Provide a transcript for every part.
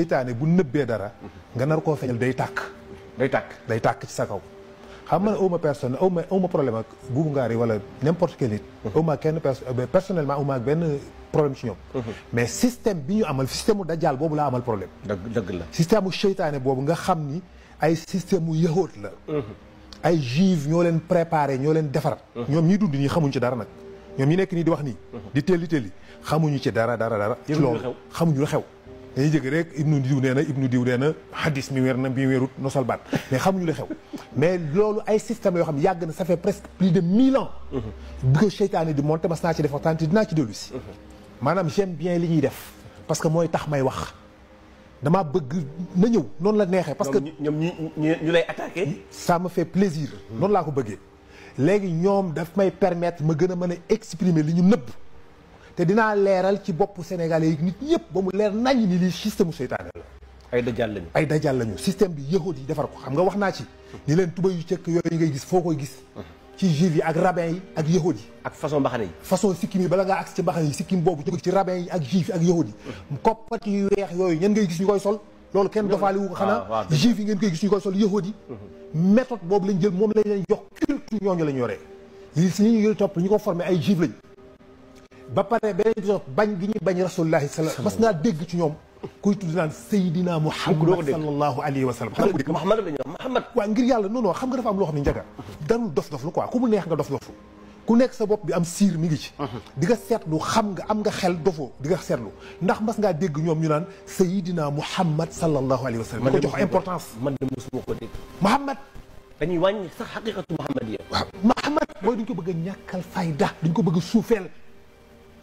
seytaane bu nëbbee dara nga nar koo feeñal day tàkk day tàkk day tàkk ci sa kaw xam nga ne awma personne awma a problème ak buubu ngaar yi wala n'importe quel nit mhm. awma kenn euh, personnellement awma ak benn problème ci ñoom mhm. mais système bi ñu amal système mu dajaal boobu laa amal problème dëgg la système mu seytaane boobu nga xam ni ay système mu yahoot la mhm. ay juive ñoo leen préparé ñoo leen defar ñoom ñi dund ñi xamuñ ci dara nag ñoom ñi nekk nii di wax nii di telli telli xamuñu ci dara dara dara ci loolu xamuñu lu dañuy jëg rek ibnu diw neena na ibnu diw nee hadith hadis mi weer bi weerut nosal baat mais xamuñu le xew mais lolu ay système yo xam yag na ça fait presque plus de 1000 ans bu ko seytaane di monter mas naa ci def waxtaan dina ci dellu si maanaam j'aime bien li ñuy def parce que moy tax may wax dama bëgg na ñëw non la nexé parce que ñom ñu ñu lay attaquer ça me fait plaisir non la ko bëggé légui ñom daf may permettre ma gëna mëna exprimer li ñu nëbb te dinaa leeral ci bopp sénégalais yi nit ñëpp ba mu leer naññ ni lii système mu seytaane la. ay dajal lañu ay dajal lañu système bi yahud yi defar ko xam nga wax naa ci. ni leen tuba yu cëkk yooyu ngay gis foo koy gis. ci juif yi ak rabbin yi ak yahud yi. ak façon mbaxane yi. façon sikkim yi bala ngaa agsi ci mbaxane yi sikkim boobu jóge ci rabbin yi ak juif yi ak yahud mm-hmm. koppat yu weex yooyu ñen ngay gis ñu koy sol. loolu kenn dofaali wu ko xanaa ah, juif yi ngeen koy gis ñu koy sol yahud yi. Mm-hmm. méthode boobu lañ jël moom lañ leen jox culture ñooñu lañ yoree. lii si ñu ngi topp ñu ko formé a juif lañ ba pare ba beneen bi bañ gi ñuy bañ rasulullahi sala mas naa dégg ci ñoom kuy tudd naan Seydina Muhammad sallallahu alayhi wa sallam Muhammad la ñu Muhammad waaw ngir yàlla non am loo xam ne njaga darul dof dof lu ku mu neex nga dof nekk sa bopp bi am siir mi ngi ci mhm. di nga seetlu xam nga am nga xel dofoo di nga seetlu ndax mas ngaa dégg ñoom ñu naan Seydina Muhammad sallallahu alayhi wa sallam ma ko jox importance man de mosuma ko dégg Muhammad dañuy wàññi sax xaqiqatu Muhammad yi waaw Muhammad mooy duñ ko bëgg a ñàkkal fayda dañ ko bëgg a suufeel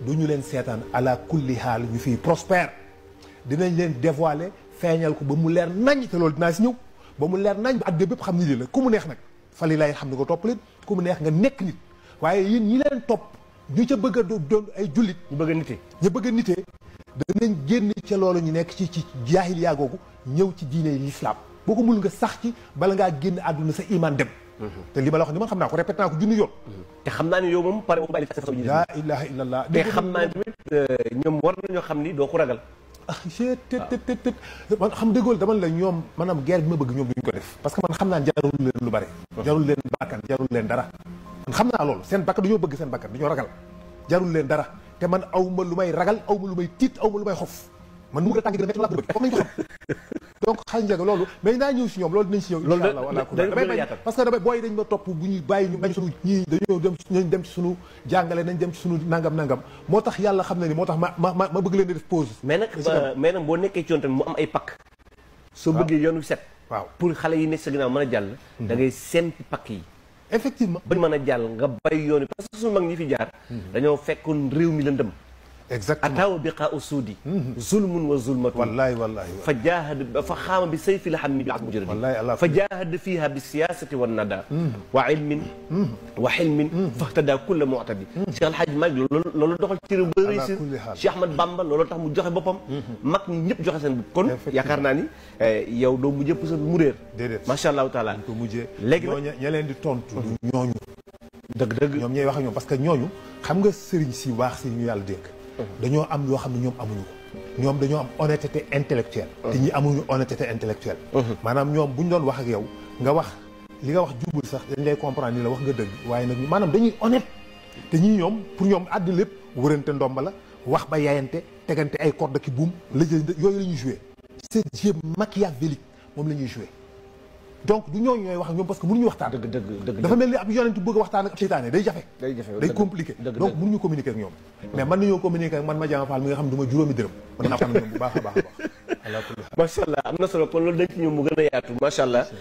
du ñu leen seetaan ala kulli xaal ñu fiy prospère dinañ leen dévoilé feeñal ko ba mu leer nañ te loolu dinaa si ñëw ba mu leer nañ ba at bépp xam ni lii la ku mu neex nag fali lay xam ne ko topp leen ku mu neex nga nekk nit waaye yéen ñi leen topp ñu ca bëgg a doon ay jullit ñu bëgg a nite ñu bëgg a nite danañ génn ca loolu ñu nekk ci ci jaahiliya googu ñëw ci diine lislaam boo ko mul nga sax ci bala ngaa génn àdduna sa iman dem Mm-hmm. te li ma la wax ni man xam naa ko répété naa ko junni yoon mm-hmm. te xam naa ne yow moom pare boo ko bàyyi façon ji laa ilaha illallah te xam naa tamit euh, ñoom war nañoo xam ni doo ko ragal ah je të të të man xam dëggool dama la ñoom maanaam guerre bi ma bëgg ñoom duñ ko def parce que man xam naa jarul leen lu bari mm-hmm. jarul leen bakkan jarul leen dara man xam naa loolu seen bakkan dañoo bëgg seen bakkan dañoo ragal jarul leen dara te man awma lu may ragal awma lu may tiit awma lu may xof man mu tànk dina métti wala bëgg nañ ko xam donc xal njaga loolu mais naa ñëw si ñoom loolu dinañ si ñëw incha allah wala damay parce que damay dañ ma bu ñuy ñu bañ suñu dem dem ci suñu jàngale nañ dem ci suñu nangam nangam moo tax xam na ni ma ma ma bëgg leen def pause mais nag mais nag ci mu am ay set waaw pour xale yi nekk sa ginnaaw mën a da ngay sempi pakk yi effectivement bañ mën a nga bay parce que suñu mag ñi fi jaar dañoo mi exactement ataawa biqaau suudi zulmun wa zulmatun wallahi wallahi fa jaahad fa xaama bi sayfi la xam ni ak mujradi fa jaahad fiiha bi siyaasati wa nada wa ilmin wa xilmin fahtada kulla mu'tadi Cheikh El Hadj Malick loolu loolu doxal ci réew ba réussir Cheikh Ahmad Bamba loolu tax mu joxe boppam mag ñi ñëpp joxe seen bopp kon yaakaar naa ni eh, yow doo mujjee pusa mu réer déedéet macha allahu taala ko mujjee léegi ña leen di tontu mhm. ñooñu dëgg dëgg ñoom ñooy wax ak ñoom parce que ñooñu xam nga sëriñ si waax si ñu yàlla dénk dañoo am yoo xam ne ñoom amuñu ko ñoom dañoo am honnêteté intellectuelle uh-huh. te ñi amuñu honnêteté intellectuelle uh-huh. maanaam ñoom bu ñu doon wax ak yow nga wax li nga wax jubul sax dañ lay comprendre ni la wax nga dëgg waaye nag maanaam dañuy honnête te ñii ñoom pour ñoom àddi lépp wërante ndomba la wax ba yaayante tegante ay corde ki buum lëjë yooyu la ñuy joué c'est jeu machiavélique moom la ñuy joué donc du ñooñu ñooy wax ñoom parce que mënuñu waxtaan. dëgg dëgg dëgg dafa mel ni ab yonent bëgg a waxtaan ak seytaane day jafe. day jafe day compliqué donc mënuñu communiquer ak ñoom. mais man nañoo communiquer ak man ma jaam faal mi nga xam ne du juróomi dërëm. mën naa waxtaan ak a baax mu gën a yaatu macha allah.